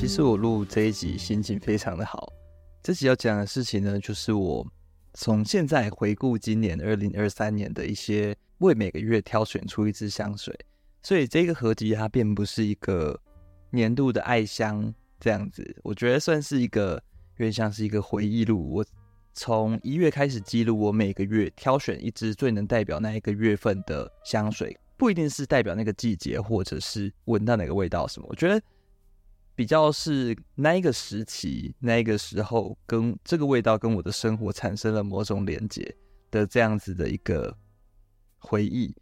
其實我錄這一集心情非常的好。這集要講的事情呢，就是我從現在回顧今年二零二三年的一些，為每個月挑選出一支香水，所以這個合集它並不是一個年度的愛香這樣子，我覺得算是一個，有點像是一個回憶錄。我從一月開始記錄，我每個月挑選一支最能代表那一個月份的香水，不一定是代表那個季節，或者是聞到哪個味道什麼，我覺得。比較是那一個時期，那一個時候，跟這個味道跟我的生活產生了某種連接的這樣子的一個回憶。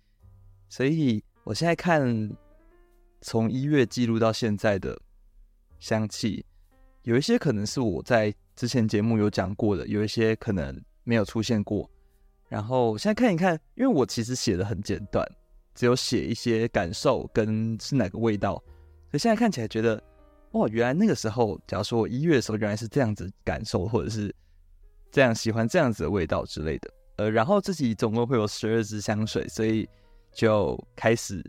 所以我現在看，從一月記錄到現在的香氣，有一些可能是我在之前節目有講過的，有一些可能沒有出現過。然後現在看一看，因為我其實寫得很簡短，只有寫一些感受跟是哪個味道，所以現在看起來覺得。哦，原來那個時候，假如說我一月的時候，原來是這樣子感受，或者是這樣喜歡這樣子的味道之類的。呃，然後自己總共會有十二支香水，所以就開始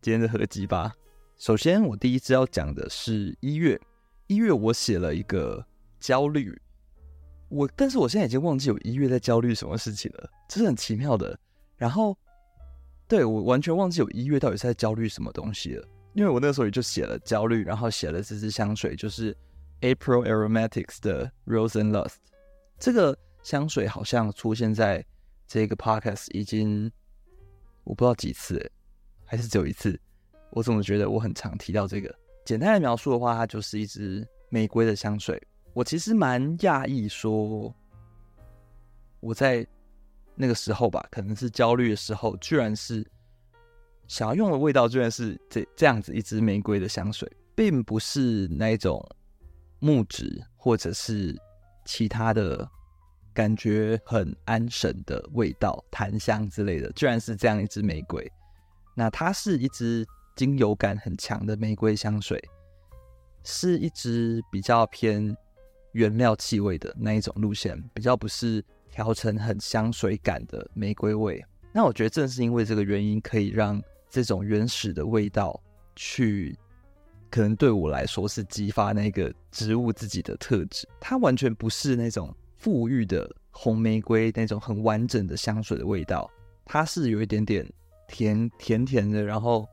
今天的合集吧。首先，我第一支要講的是一月，一月我寫了一個焦慮，我但是我現在已經忘記有一月在焦慮什麼事情了，這是很奇妙的。然後，對我完全忘記有一月到底是在焦慮什麼東西了。因為我那時候也就寫了焦慮，然後寫了這支香水，就是 April Aromatics 的 Rosenlust。這個香水好像出現在這個 Podcast 已經我不知道幾次欸，還是只有一次。我總覺得我很常提到這個。簡單的描述的話，它就是一支玫瑰的香水。我其實蠻訝異，說我在那個時候吧，可能是焦慮的時候，居然是。想要用的味道居然是這這樣子一支玫瑰的香水，並不是那一種木質或者是其他的感覺很安神的味道，檀香之類的，居然是這樣一支玫瑰。那它是一支精油感很強的玫瑰香水，是一支比較偏原料氣味的那一種路線，比較不是調成很香水感的玫瑰味。那我覺得正是因為這個原因可以讓。這種原始的味道，去可能對我來說是激發那個植物自己的特質。它完全不是那種馥郁的紅玫瑰那種很完整的香水的味道，它是有一點點甜甜甜的，然後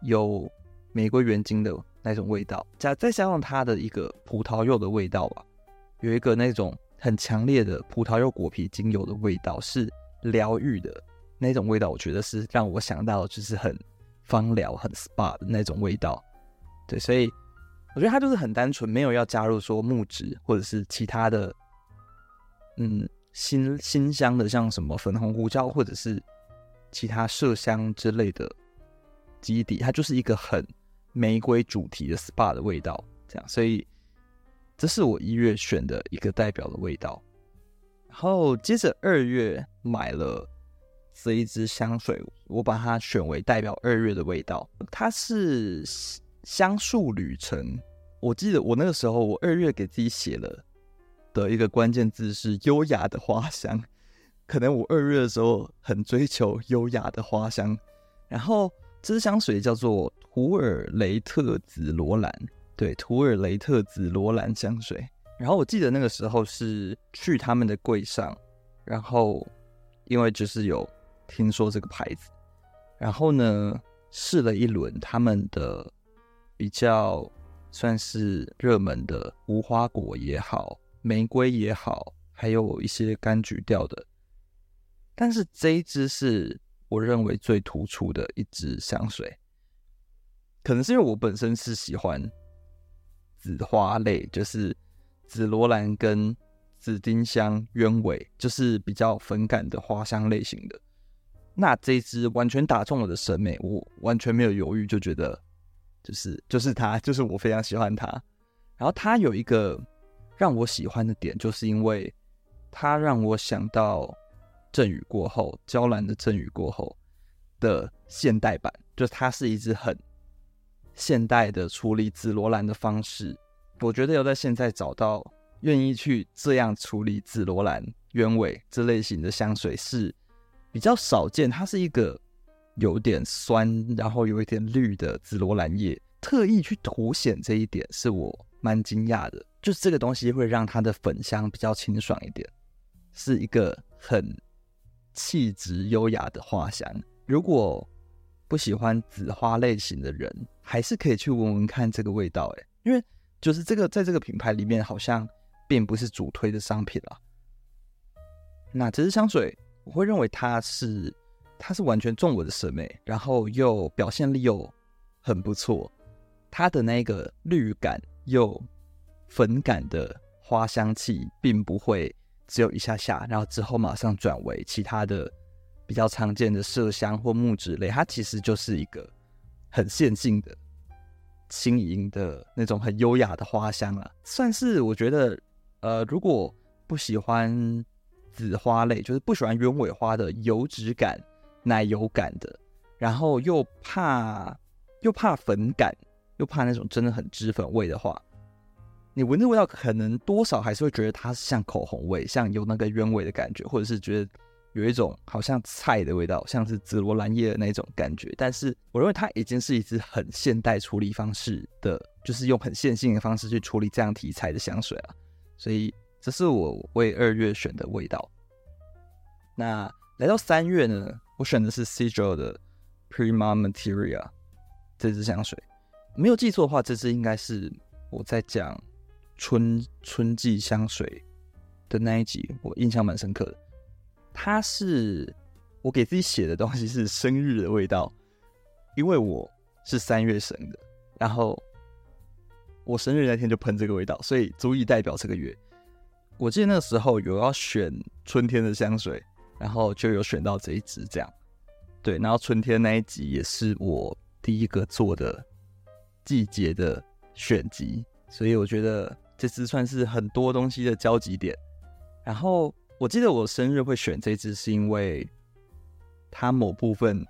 有玫瑰原精的那種味道，加再加上它的一個葡萄柚的味道吧，有一個那種很強烈的葡萄柚果皮精油的味道，是療癒的。那種味道，我覺得是讓我想到就是很芳療、很 SPA 的那種味道。對，所以我覺得它就是很單純，沒有要加入說木質或者是其他的，嗯，辛辛香的，像什麼粉紅胡椒或者是其他麝香之類的基底。它就是一個很玫瑰主題的 SPA 的味道。這樣，所以這是我一月選的一個代表的味道。然後接着二月買了。這一支香水，我把它選為代表二月的味道。它是香樹旅程。我記得我那個時候，我二月給自己寫了的一個關鍵字是優雅的花香。可能我二月的時候很追求優雅的花香。然後這支香水叫做圖爾雷特紫羅蘭，對，圖爾雷特紫羅蘭香水。然後我記得那個時候是去他們的櫃上，然後因為就是有。聽說這個牌子，然後呢，試了一輪他們的比較算是熱門的無花果也好，玫瑰也好，還有一些柑橘調的，但是這一支是我認為最突出的一支香水，可能是因為我本身是喜歡紫花類，就是紫羅蘭、跟紫丁香、鳶尾，就是比較粉感的花香類型的。那這一支完全打中我的審美，我完全沒有猶豫，就覺得就是就是它，就是我非常喜歡它。然後它有一個讓我喜歡的點，就是因為它讓我想到陣雨過後，嬌蘭的陣雨過後的現代版，就是它是一支很現代的處理紫羅蘭的方式。我覺得要在現在找到願意去這樣處理紫羅蘭、鳶尾這類型的香水是。比較少見，它是一個有點酸，然後有一點綠的紫羅蘭葉，特意去凸顯這一點，是我蠻驚訝的。就是這個東西會讓它的粉香比較清爽一點，是一個很氣質優雅的花香。如果不喜歡紫花類型的人，還是可以去聞聞看這個味道、欸，誒，因為就是這個在這個品牌裡面好像並不是主推的商品啊。那這支香水。我會認為它是，它是完全中我的審美，然後又表現力又很不錯。它的那個綠感又粉感的花香氣，並不會只有一下下，然後之後馬上轉為其他的比較常見的麝香或木質類。它其實就是一個很線性的、輕盈的那種很優雅的花香了啊。算是我覺得，呃，如果不喜歡。紫花類就是不喜歡鳶尾花的油脂感、奶油感的，然後又怕又怕粉感，又怕那種真的很脂粉味的話，你聞這味道可能多少還是會覺得它是像口紅味，像有那個鳶尾的感覺，或者是覺得有一種好像菜的味道，像是紫羅蘭葉的那種感覺。但是我認為它已經是一支很現代處理方式的，就是用很線性的方式去處理這樣題材的香水了啊，所以。這是我為二月選的味道。那來到三月呢？我選的是 Sigil 的 Prima Materia 這支香水。沒有記錯的話，這支應該是我在講春春季香水的那一集，我印象蠻深刻的。它是我給自己寫的東西，是生日的味道，因為我是三月生的，然後我生日那天就噴這個味道，所以足以代表這個月。我記得那時候有要選春天的香水，然後就有選到這一支這樣。對，然後春天那一集也是我第一個做的季節的選集，所以我覺得這支算是很多東西的交集點。然後我記得我生日會選這支，是因為它某部分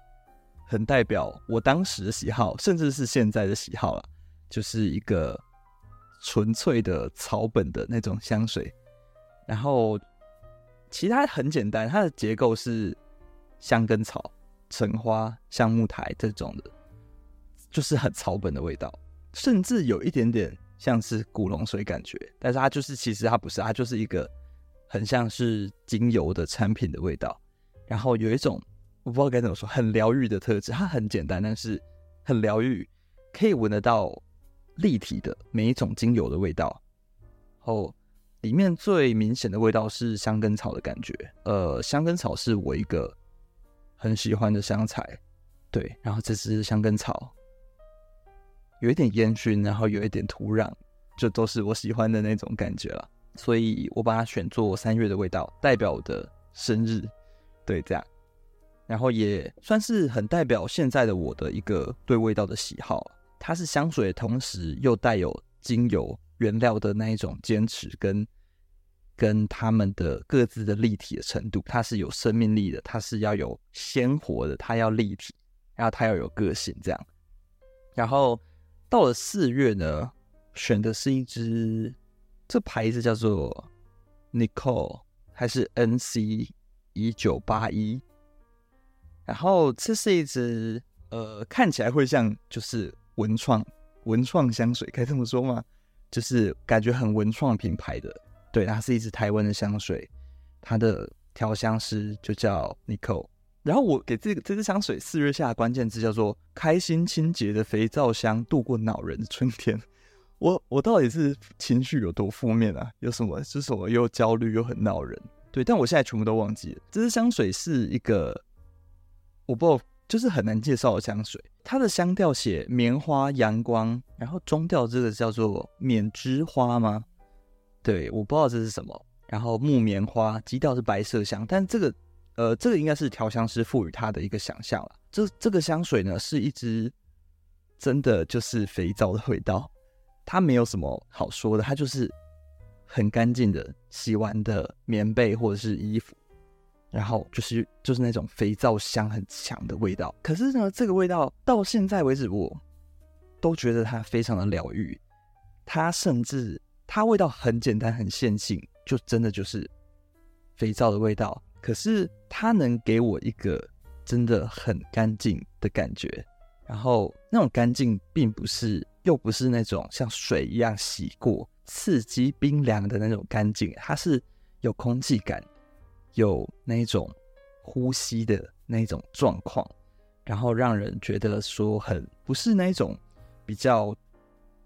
很代表我當時的喜好，甚至是現在的喜好了，就是一個純粹的草本的那種香水。然後，其他很簡單，它的結構是香根草、橙花、橡木苔這種的，就是很草本的味道，甚至有一點點像是古龍水感覺。但是它就是，其實它不是，它就是一個很像是精油的產品的味道。然後有一種我不知道該怎麼說，很療癒的特質。它很簡單，但是很療癒，可以聞得到立體的每一種精油的味道，然後。裡面最明顯的味道是香根草的感覺，呃，香根草是我一個很喜歡的香材，對，然後這支香根草，有一點煙燻，然後有一點土壤，就都是我喜歡的那種感覺了，所以我把它選做三月的味道，代表我的生日，對，這樣，然後也算是很代表現在的我的一個對味道的喜好，它是香水，同時又帶有精油，原料的那一種堅持跟跟他們的各自的立體的程度，它是有生命力的，它是要有鮮活的，它要立體，然後它要有個性這樣。然後到了四月呢，選的是一支，這牌子叫做 Nicole 還是 NC 一九八一，然後這是一支呃看起來會像就是文創文創香水，可以這麼說嗎？就是感覺很文創品牌的，對，它是一支台灣的香水，它的調香師就叫 Nicole。然後我給這個這支香水四月下的關鍵詞叫做“開心清潔的肥皂香，度過惱人的春天”。我我到底是情緒有多負面啊？有什麼是什麼又焦慮又很惱人？對，但我現在全部都忘記了。這支香水是一個，我不知道。就是很難介紹的香水，它的香調寫棉花、陽光，然後中調這個叫做緬梔花嗎？對，我不知道這是什麼。然後木棉花基調是白色香，但這個呃，這個應該是調香師賦予它的一個想象了。這這個香水呢，是一支真的就是肥皂的味道，它沒有什麼好說的，它就是很乾淨的洗完的棉被或者是衣服。然後就是就是那種肥皂香很強的味道，可是呢，這個味道到現在為止我，我都覺得它非常的療癒。它甚至它味道很簡單，很線性，就真的就是肥皂的味道。可是它能給我一個真的很乾淨的感覺。然後那種乾淨，並不是又不是那種像水一樣洗過，刺激冰涼的那種乾淨，它是有空氣感。有那一種呼吸的那一種狀況，然後讓人覺得說很，不是那一種比較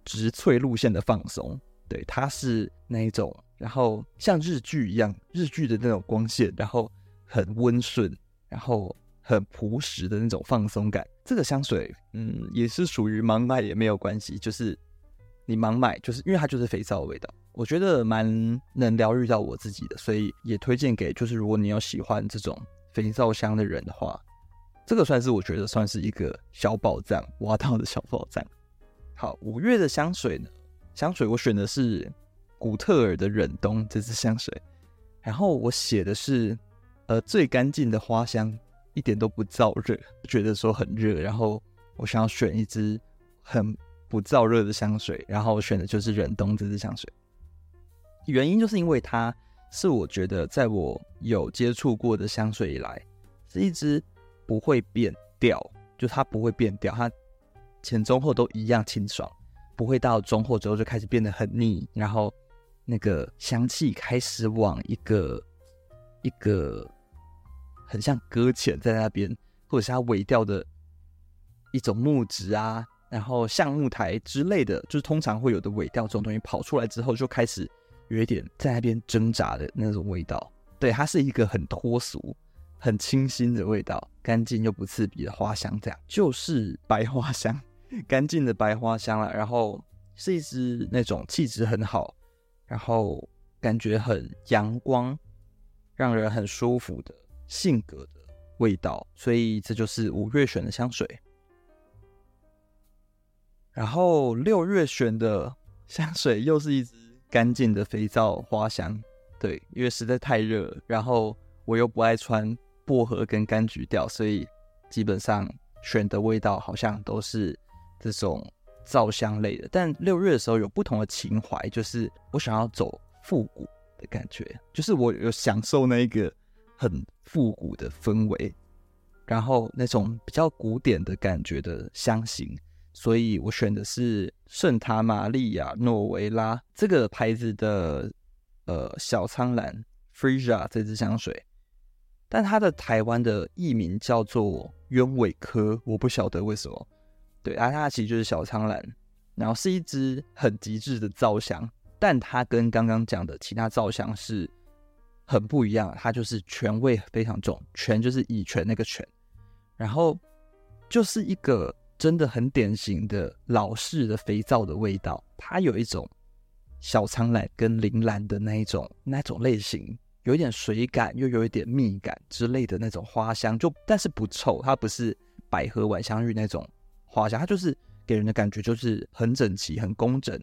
直脆路線的放鬆，對，它是那一種，然後像日劇一樣，日劇的那種光線，然後很溫順，然後很樸實的那種放鬆感。這個香水，嗯，也是屬於盲買也沒有關係，就是你盲買，就是因為它就是肥皂的味道。我覺得蠻能療癒到我自己的，所以也推薦給就是如果你有喜歡這種肥皂香的人的話，這個算是我覺得算是一個小寶藏，挖到的小寶藏。好，五月的香水呢，香水我選的是古特爾的忍冬這支香水，然後我寫的是呃最乾淨的花香，一點都不燥熱，覺得說很熱，然後我想要選一支很不燥熱的香水，然後我選的就是忍冬這支香水。原因就是因為它，是我覺得在我有接觸過的香水以來，是一支不會變調，就它不會變調，它前中後都一樣清爽，不會到中後之後就開始變得很膩，然後那個香氣開始往一個一個很像擱淺在那邊，或者是它尾調的一種木質啊，然後橡木苔之類的，就是通常會有的尾調這種東西跑出來之後就開始。有一點在那邊掙扎的那種味道，對，它是一個很脫俗、很清新的味道，乾淨又不刺鼻的花香，這樣就是白花香，乾淨的白花香啦。然後是一支那種氣質很好，然後感覺很陽光，讓人很舒服的性格的味道。所以這就是五月選的香水。然後六月選的香水又是一支。乾淨的肥皂花香，對，因為實在太熱，然後我又不愛穿薄荷跟柑橘調，所以基本上選的味道好像都是這種皂香類的。但六月的時候有不同的情懷，就是我想要走復古的感覺，就是我有享受那一個很復古的氛圍，然後那種比較古典的感覺的香型。所以我選的是聖塔瑪利亞諾維拉這個牌子的呃小蒼蘭 Fresia 這支香水，但它的台灣的譯名叫做鳶尾科，我不曉得為什麼。對，啊它其實就是小蒼蘭，然後是一支很極致的皂香，但它跟剛剛講的其他皂香是很不一樣，它就是醛味非常重，醛就是乙醛那個醛，然後就是一個。真的很典型的老式的肥皂的味道，它有一種小蒼蘭跟鈴蘭的那一種那種類型，有一點水感又有一點蜜感之類的那種花香，就但是不臭，它不是百合晚香玉那種花香，它就是給人的感覺就是很整齊，很工整。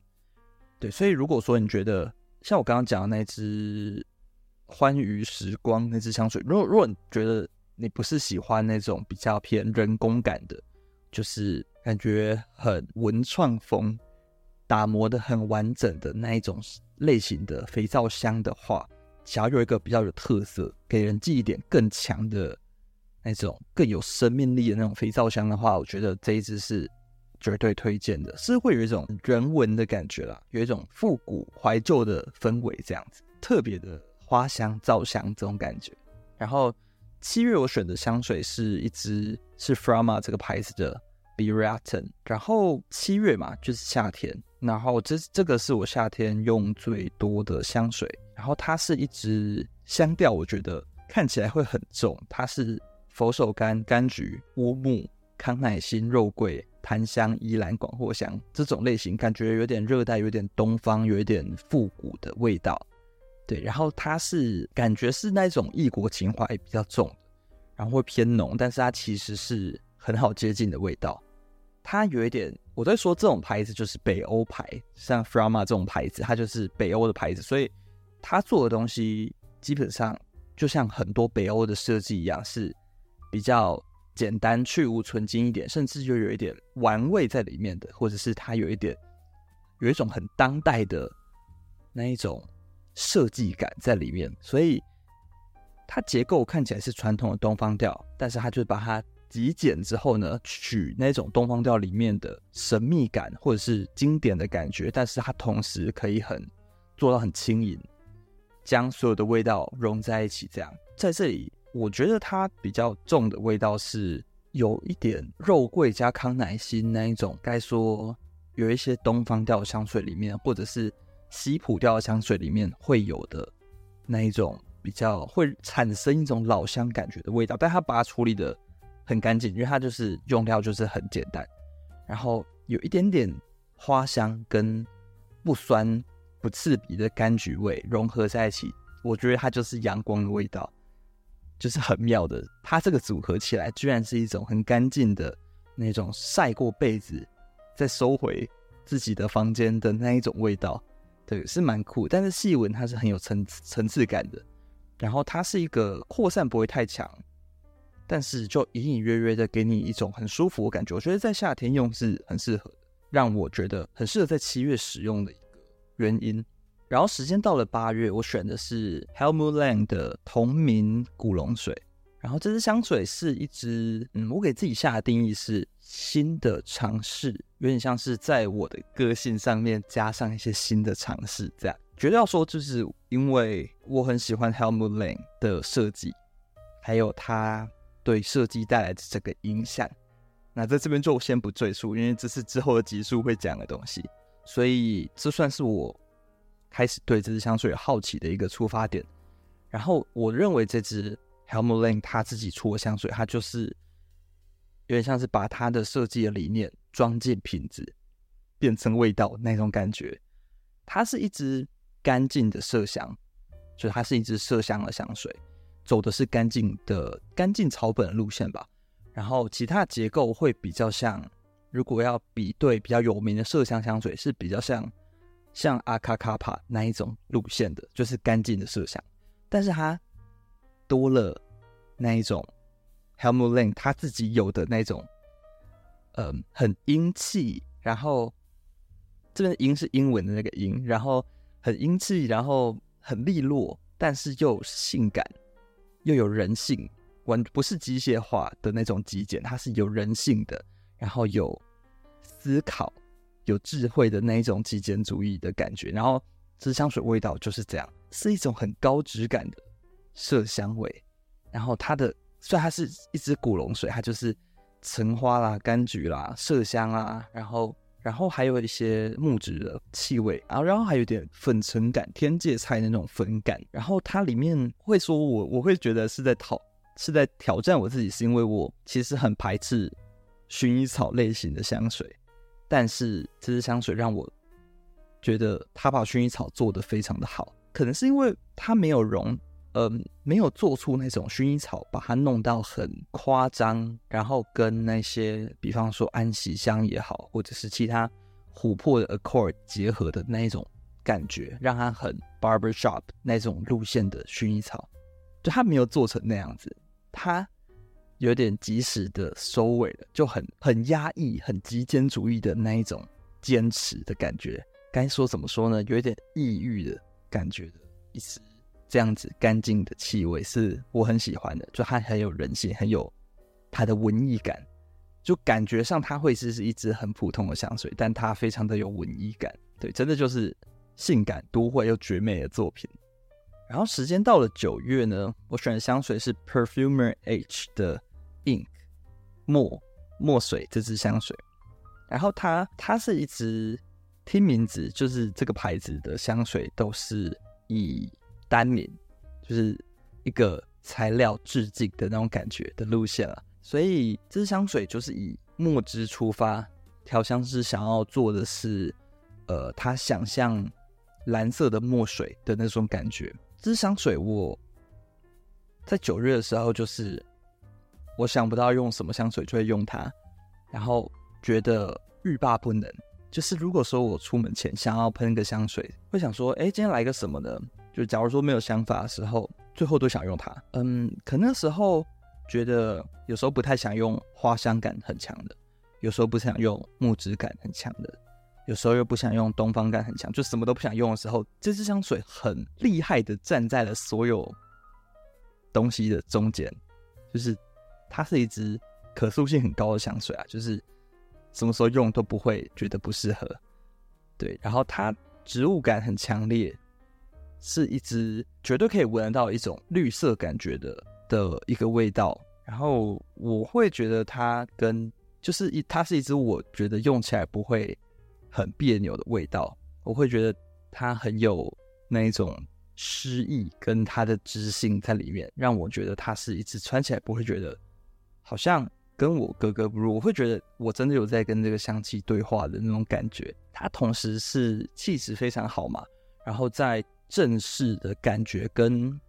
對，所以如果說你覺得像我剛剛講的那支歡愉時光那支香水，如果如果你覺得你不是喜歡那種比較偏人工感的。就是感覺很文創風，打磨的很完整的那一種類型的肥皂香的話，想要有一個比較有特色，給人記憶點更強的那種更有生命力的那種肥皂香的話，我覺得這一支是絕對推薦的，是會有一種人文的感覺啦，有一種復古懷舊的氛圍，這樣子特別的花香、皂香這種感覺，然後。七月我選的香水是一支是 Frama 這個牌子的 Beratan，然後七月嘛就是夏天，然後這這個是我夏天用最多的香水，然後它是一支香調，我覺得看起來會很重，它是佛手柑、柑橘、烏木、康乃馨、肉桂、檀香、依蘭、廣藿香這種類型，感覺有點熱帶，有點東方，有點復古的味道。對，然後它是感覺是那種異國情懷比較重，然後會偏濃，但是它其實是很好接近的味道。它有一點，我在說這種牌子就是北歐牌，像 FRAMA 這種牌子，它就是北歐的牌子，所以它做的東西基本上就像很多北歐的設計一樣，是比較簡單、去蕪存菁一點，甚至就有一點玩味在裡面的，或者是它有一點有一種很當代的那一種。設計感在裡面，所以它結構看起來是傳統的東方調，但是它就把它極簡之後呢，取那種東方調裡面的神秘感或者是經典的感覺，但是它同時可以很做到很輕盈，將所有的味道融在一起。這樣在這裡，我覺得它比較重的味道是有一點肉桂加康乃馨那一種，該說有一些東方調香水裡面，或者是。西普調的香水裡面會有的那一種比較會產生一種老香感覺的味道，但它把它處理得很乾淨，因為它就是用料就是很簡單，然後有一點點花香跟不酸不刺鼻的柑橘味融合在一起，我覺得它就是陽光的味道，就是很妙的。它這個組合起來居然是一種很乾淨的那種曬過被子再收回自己的房間的那一種味道。對，是蠻酷，但是細紋它是很有層次層次感的，然後它是一個擴散不會太強，但是就隱隱約約的給你一種很舒服的感覺。我覺得在夏天用是很適合，讓我覺得很適合在七月使用的一個原因。然後時間到了八月，我選的是 Helmut Lang 的同名古龍水，然後這支香水是一支，嗯，我給自己下的定義是新的嘗試。有點像是在我的個性上面加上一些新的嘗試，這樣絕對要說，就是因為我很喜歡 Helmut Lang 的設計，還有他對設計帶來的這個影響。那在這邊就我先不贅述，因為這是之後的集數會講的東西。所以這算是我開始對這支香水好奇的一個出發點。然後我認為這支 Helmut Lang 他自己出的香水，它就是。有點像是把它的設計的理念裝進瓶子，變成味道那種感覺。它是一支乾淨的麝香，就它是，是一支麝香的香水，走的是乾淨的乾淨草本的路線吧。然後其他結構會比較像，如果要比對比較有名的麝香香水，是比較像像阿卡卡帕那一種路線的，就是乾淨的麝香，但是它多了那一種。Helmut Lang 他自己有的那種，嗯，很英氣，然後這邊的英是英文的那個英，然後很英氣，然後很利落，但是又是性感，又有人性，完不是機械化的那種極簡，它是有人性的，然後有思考、有智慧的那一種極簡主義的感覺。然後這香水味道就是這樣，是一種很高質感的麝香味，然後它的。所以它是一支古龍水，它就是橙花啦、柑橘啦、麝香啊，然後然後還有一些木質的氣味，啊，然後然後還有點粉塵感，天芥菜那種粉感，然後它裡面會說我我會覺得是在討，是在挑，是在挑戰我自己，是因為我其實很排斥薰衣草類型的香水，但是這支香水讓我覺得它把薰衣草做得非常的好，可能是因為它沒有融。嗯，沒有做出那種薰衣草，把它弄到很誇張，然後跟那些比方說安息香也好，或者是其他琥珀的 accord 結合的那一種感覺，讓它很 barbershop 那種路線的薰衣草，就它沒有做成那樣子，它有點及時的收尾了，就很很壓抑、很極簡主義的那一種堅持的感覺。該說怎麼說呢？有一點抑鬱的感覺的意思。這樣子乾淨的氣味是我很喜歡的，就它很有人性，很有它的文藝感，就感覺上它會是一支很普通的香水，但它非常的有文藝感，對，真的就是性感都會又絕美的作品。然後時間到了九月呢，我選的香水是 Perfumer H 的 INK 墨、墨水，這支香水，然後它它是一支聽名字就是這個牌子的香水都是以。單名就是一個材料致敬的那種感覺的路線了，所以這支香水就是以墨汁出發，調香師想要做的是，呃，他想象藍色的墨水的那種感覺。這支香水我在九月的時候就是我想不到用什麼香水就會用它，然後覺得欲罷不能。就是如果說我出門前想要噴個香水，會想說，哎，今天來個什麼呢？就假如說沒有想法的時候，最後都想用它。嗯，可那時候覺得有時候不太想用花香感很強的，有時候不想用木質感很強的，有時候又不想用東方感很強。就什麼都不想用的時候，這支香水很厲害的站在了所有東西的中間。就是它是一支可塑性很高的香水啊，就是什麼時候用都不會覺得不適合。對，然後它植物感很強烈。是一支絕對可以聞到一種綠色感覺的的一個味道，然後我會覺得它跟就是一它是一支我覺得用起來不會很彆扭的味道，我會覺得它很有那一種詩意跟它的知性在裡面，讓我覺得它是一支穿起來不會覺得好像跟我格格不入，我會覺得我真的有在跟這個香氣對話的那種感覺。它同時是氣質非常好嘛，然後在。正式的感覺跟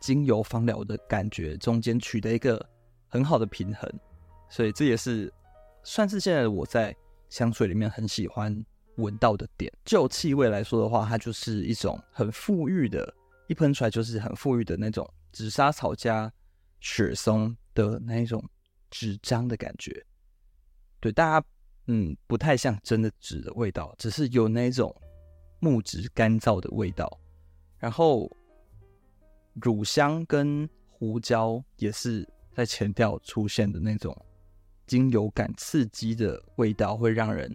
精油芳療的感覺中間取得一個很好的平衡，所以這也是算是現在我在香水裡面很喜歡聞到的點。就氣味來說的話，它就是一種很馥郁的，一噴出來就是很馥郁的那種紫砂草加雪松的那種紙張的感覺。對，大家嗯不太像真的紙的味道，只是有那種木質乾燥的味道。然後，乳香跟胡椒也是在前調出現的那種精油感刺激的味道，會讓人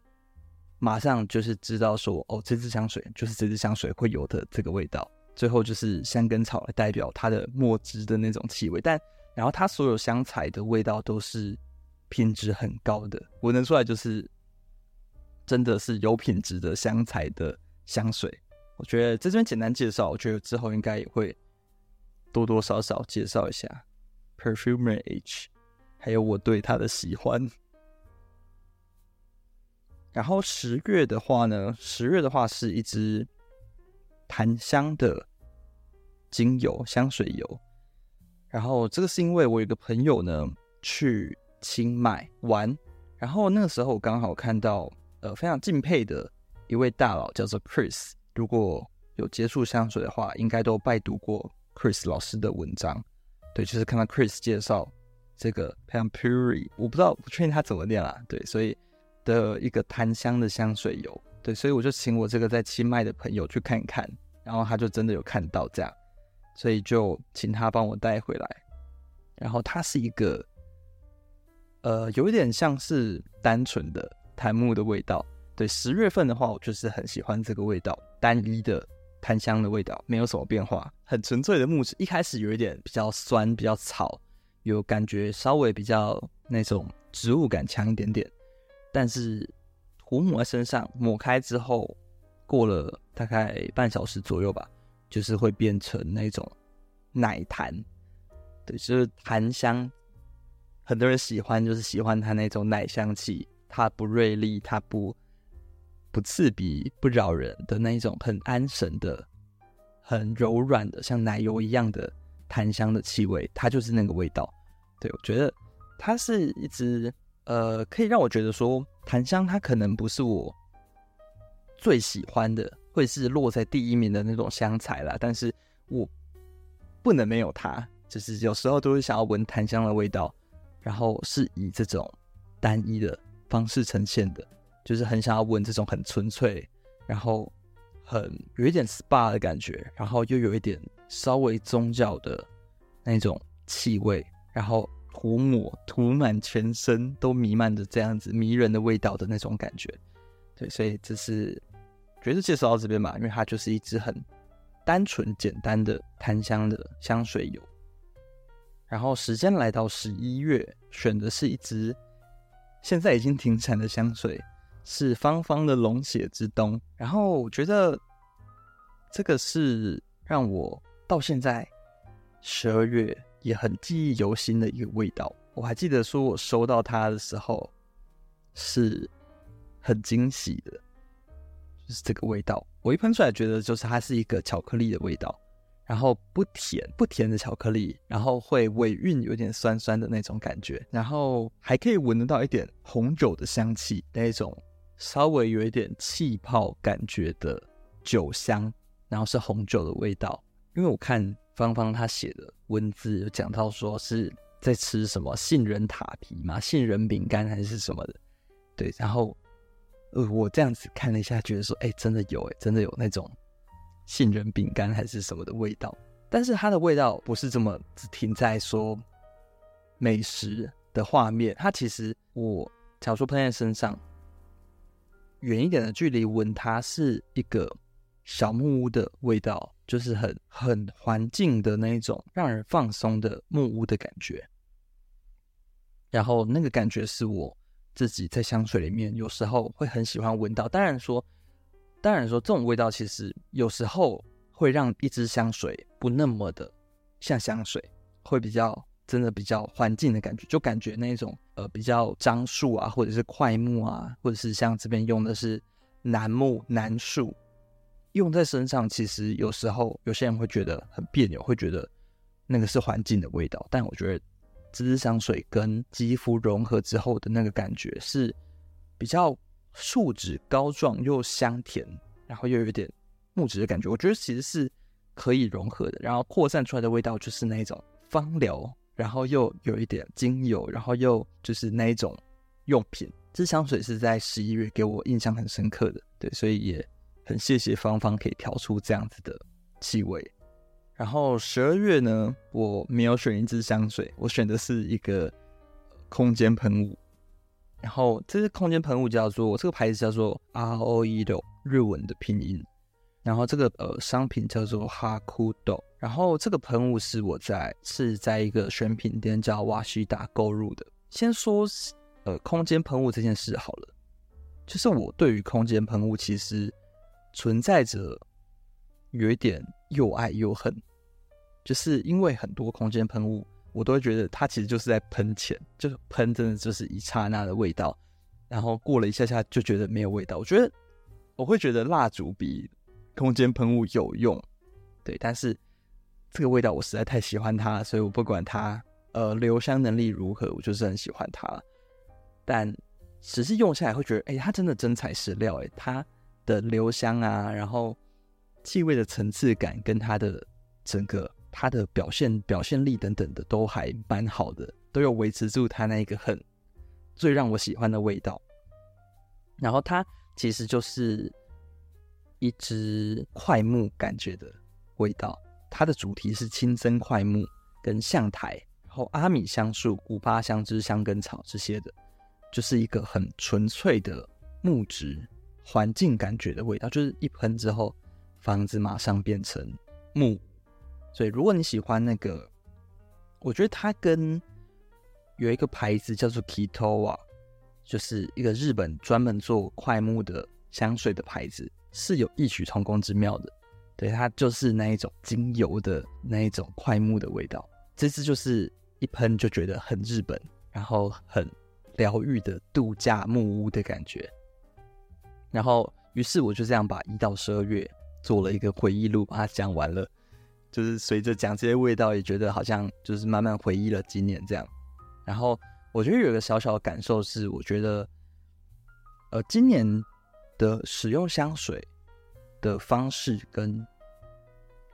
馬上就是知道說，哦，這支香水就是這支香水會有的這個味道。最後就是香根草來代表它的墨汁的那種氣味，但然後它所有香材的味道都是品質很高的，聞得出來就是真的是有品質的香材的香水。我覺得在這邊簡單介紹，我覺得之後應該也會多多少少介紹一下 Perfumer H，還有我對他的喜歡。然後十月的話呢，十月的話是一支檀香的精油香水油。然後這個是因為我有個朋友呢去清邁玩，然後那個時候我剛好看到呃非常敬佩的一位大佬叫做 Chris。如果有接觸香水的話，應該都拜讀過 Chris 老師的文章。對，就是看到 Chris 介紹這個 Panpuri，我不知道，不確定他怎麼念啦，對，所以的一個檀香的香水油。對，所以我就請我這個在清邁的朋友去看看，然後他就真的有看到這樣，所以就請他幫我帶回來。然後它是一個，呃，有一點像是單純的檀木的味道。對，十月份的話，我就是很喜歡這個味道。單一的檀香的味道沒有什麼變化，很純粹的木質。一開始有一點比較酸，比較草，有感覺稍微比較那種植物感強一點點。但是塗抹在身上，抹開之後，過了大概半小時左右吧，就是會變成那種奶檀。對，就是檀香，很多人喜歡，就是喜歡它那種奶香氣。它不銳利，它不。不刺鼻、不擾人的那一種很安神的、很柔軟的、像奶油一樣的檀香的氣味，它就是那個味道。對，我覺得，它是一支呃，可以讓我覺得說，檀香它可能不是我最喜歡的，會是落在第一名的那種香材啦，但是我不能沒有它，就是有時候都是想要聞檀香的味道，然後是以這種單一的方式呈現的。就是很想要聞這種很純粹，然後很有一點 SPA 的感覺，然後又有一點稍微宗教的那種氣味，然後塗抹塗滿全身都瀰漫着這樣子迷人的味道的那種感覺。對，所以這是角色介紹到這邊吧，因為它就是一支很單純簡單的檀香的香水油。然後時間來到十一月，選的是一支現在已經停產的香水。是方方的龍血之冬，然後我覺得這個是讓我到現在十二月也很記憶猶新的一個味道。我還記得說我收到它的時候是很驚喜的，就是這個味道。我一噴出來，覺得就是它是一個巧克力的味道，然後不甜不甜的巧克力，然後會尾韻有點酸酸的那種感覺，然後還可以聞得到一點紅酒的香氣那一種。稍微有一點氣泡感覺的酒香，然後是紅酒的味道。因為我看方方她寫的文字有講到說是在吃什麼杏仁塔皮嘛，杏仁餅乾還是什麼的。對，然後呃，我這樣子看了一下，覺得說，哎、欸，真的有、欸，哎，真的有那種杏仁餅乾還是什麼的味道。但是它的味道不是這麼只停在說美食的畫面，它其實我假如說噴在身上。遠一點的距離聞它是一個小木屋的味道，就是很很環境的那一種，讓人放鬆的木屋的感覺。然後那個感覺是我自己在香水裡面有時候會很喜歡聞到。當然說，當然說這種味道其實有時候會讓一支香水不那麼的像香水，會比較。真的比較環境的感覺，就感覺那一種呃比較樟樹啊，或者是檜木啊，或者是像這邊用的是楠木、楠樹，用在身上，其實有時候有些人會覺得很別扭，會覺得那個是環境的味道。但我覺得，這支香水跟肌膚融合之後的那個感覺是比較樹脂膏狀又香甜，然後又有點木質的感覺。我覺得其實是可以融合的，然後擴散出來的味道就是那一種芳療。然後又有一點精油，然後又就是那一種用品。這支香水是在十一月給我印象很深刻的，對，所以也很謝謝方方可以調出這樣子的氣味。然後十二月呢，我沒有選一支香水，我選的是一個空間噴霧。然後這支空間噴霧叫做這個牌子叫做 AOIRO 的日文的拼音，然後這個呃商品叫做 Hakudo。然後這個噴霧是我在是在一個選品店叫哇西達購入的。先說呃空間噴霧這件事好了，就是我對於空間噴霧其實存在着有一點又愛又恨，就是因為很多空間噴霧我都會覺得它其實就是在噴前，就是噴真的就是一剎那的味道，然後過了一下下就覺得沒有味道。我覺得我會覺得蠟燭比空間噴霧有用，對，但是。這個味道我實在太喜歡它了，所以我不管它呃留香能力如何，我就是很喜歡它。但實際用下來會覺得，哎、欸，它真的真材實料，哎，它的留香啊，然後氣味的層次感跟它的整個它的表現表現力等等的都還蠻好的，都有維持住它那一個很最讓我喜歡的味道。然後它其實就是一支檜木感覺的味道。它的主題是清蒸檜木跟橡苔，然後阿米香樹、古巴香脂、香根草這些的，就是一個很純粹的木質環境感覺的味道。就是一噴之後，房子馬上變成木。所以如果你喜歡那個，我覺得它跟有一個牌子叫做 Kito 啊，就是一個日本專門做檜木的香水的牌子，是有異曲同工之妙的。對，它就是那一種精油的那一種檜木的味道，這次就是一噴就覺得很日本，然後很療癒的度假木屋的感覺。然後，於是我就這樣把一到十二月做了一個回憶錄，把它講完了。就是隨着講這些味道，也覺得好像就是慢慢回憶了今年這樣。然後，我覺得有個小小的感受是，我覺得呃今年的使用香水。的方式跟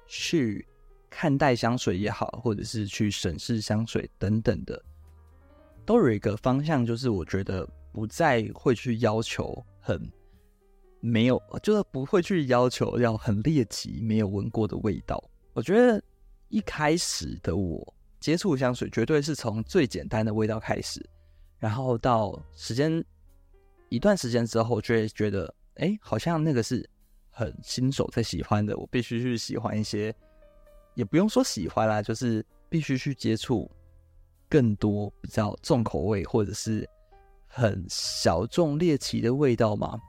去看待香水也好，或者是去審視香水等等的，都有一個方向，就是我覺得不再會去要求很沒有，就是不會去要求要很獵奇沒有聞過的味道。我覺得一開始的我接觸香水，絕對是從最簡單的味道開始，然後到時間一段時間之後，就會覺得哎、欸，好像那個是。很新手才喜歡的，我必須去喜歡一些，也不用說喜歡啦，就是必須去接觸更多比較重口味或者是很小眾獵奇的味道嘛。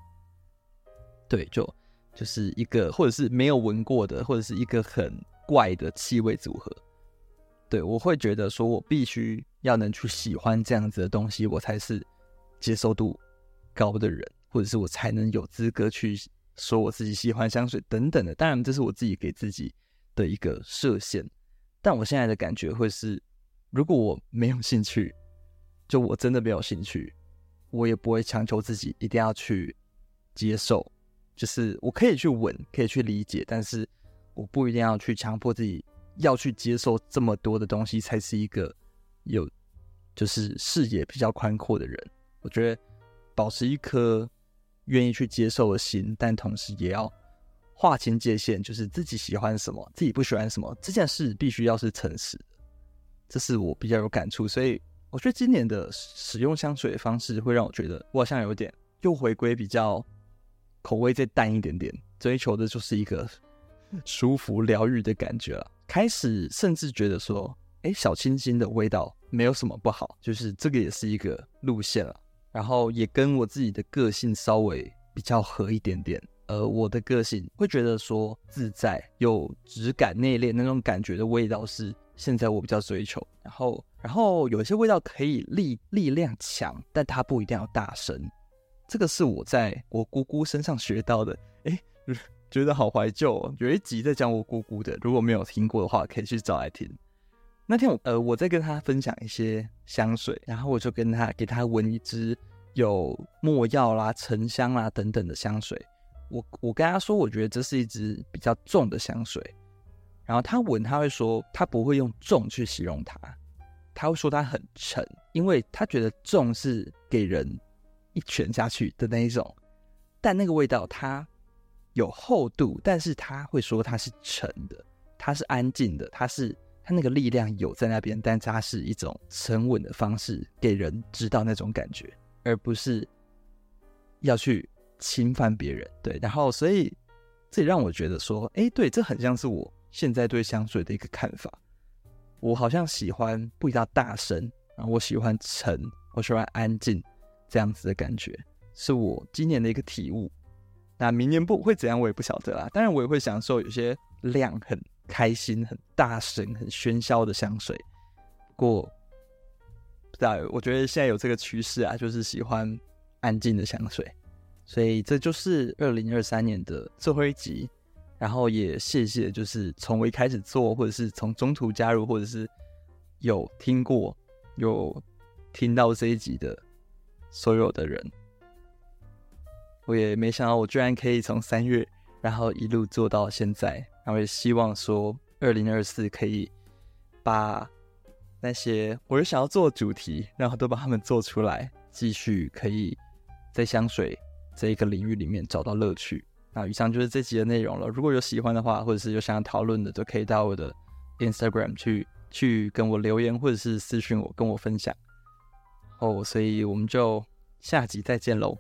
對，就就是一個，或者是沒有聞過的，或者是一個很怪的氣味組合。對，我會覺得說我必須要能去喜歡這樣子的東西，我才是接受度高的人，或者是我才能有資格去。說我自己喜歡香水等等的，當然這是我自己給自己的一個設限，但我現在的感覺會是，如果我沒有興趣，就我真的沒有興趣，我也不會強求自己一定要去接受，就是我可以去聞，可以去理解，但是我不一定要去強迫自己要去接受這麼多的東西，才是一個有，就是視野比較寬闊的人。我覺得保持一顆。願意去接受的心，但同時也要劃清界限，就是自己喜歡什麼，自己不喜歡什麼，這件事必須要是誠實的。這是我比較有感觸，所以我覺得今年的使用香水的方式會讓我覺得，我好像有點又回歸比較口味再淡一點點，追求的就是一個舒服療癒的感覺了。開始甚至覺得說，哎、欸，小清新的味道沒有什麼不好，就是這個也是一個路線了。然後也跟我自己的個性稍微比較合一點點，而我的個性會覺得說自在、有質感、內斂那種感覺的味道是現在我比較追求。然後，然後有些味道可以力力量強，但它不一定要大聲。這個是我在我姑姑身上學到的。誒，覺得好懷舊哦，有一集在講我姑姑的，如果沒有聽過的話，可以去找來聽。那天我呃我在跟他分享一些香水，然後我就跟他給他聞一支有沒藥啦、沉香啦等等的香水。我我跟他說，我覺得這是一支比較重的香水。然後他聞，他會說他不會用重去形容它，他會說它很沉，因為他覺得重是給人一拳下去的那一種。但那個味道它有厚度，但是他會說它是沉的，它是安靜的，它是。他那個力量有在那邊，但他是一種沉穩的方式，給人知道那種感覺，而不是要去侵犯別人。對，然後所以這也讓我覺得說，哎、欸，對，這很像是我現在對香水的一個看法。我好像喜歡不一定要大聲，然後我喜歡沉，我喜歡安靜這樣子的感覺，是我今年的一個體悟。那明年不會怎樣，我也不曉得啦。當然，我也會享受有些量很。開心很大聲很喧囂的香水，不過，不知道，我覺得現在有這個趨勢啊，就是喜歡安靜的香水，所以這就是二零二三年的最後一集，然後也謝謝，就是從我一開始做，或者是從中途加入，或者是有聽過有聽到這一集的所有的人，我也沒想到我居然可以從三月，然後一路做到現在。然後也希望說，二零二四可以把那些我有想要做的主題，然後都把它們做出來，繼續可以在香水這一個領域裡面找到樂趣。那以上就是這集的內容了。如果有喜歡的話，或者是有想要討論的，都可以到我的 Instagram 去去跟我留言，或者是私訊我跟我分享。哦，所以我們就下集再見嘍。